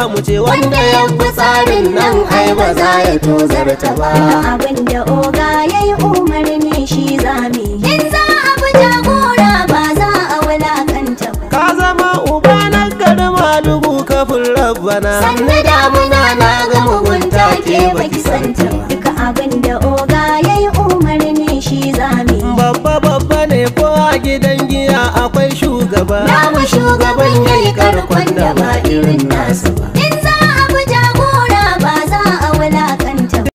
mu wanda ya fi tsarin nan ai ba za ya tozarta ba abin da oga ya yi umarni shi zami in za a fi jagora ba za a wulakanta ba ka zama uba na garma dubu kafin rabbana sannu damuna na ga mugunta ke baki santa ba duka abin oga ya yi umarni shi zami babba babba ne ko a gidan giya akwai shugaba na mu shugaban ya yi karkon da ba irin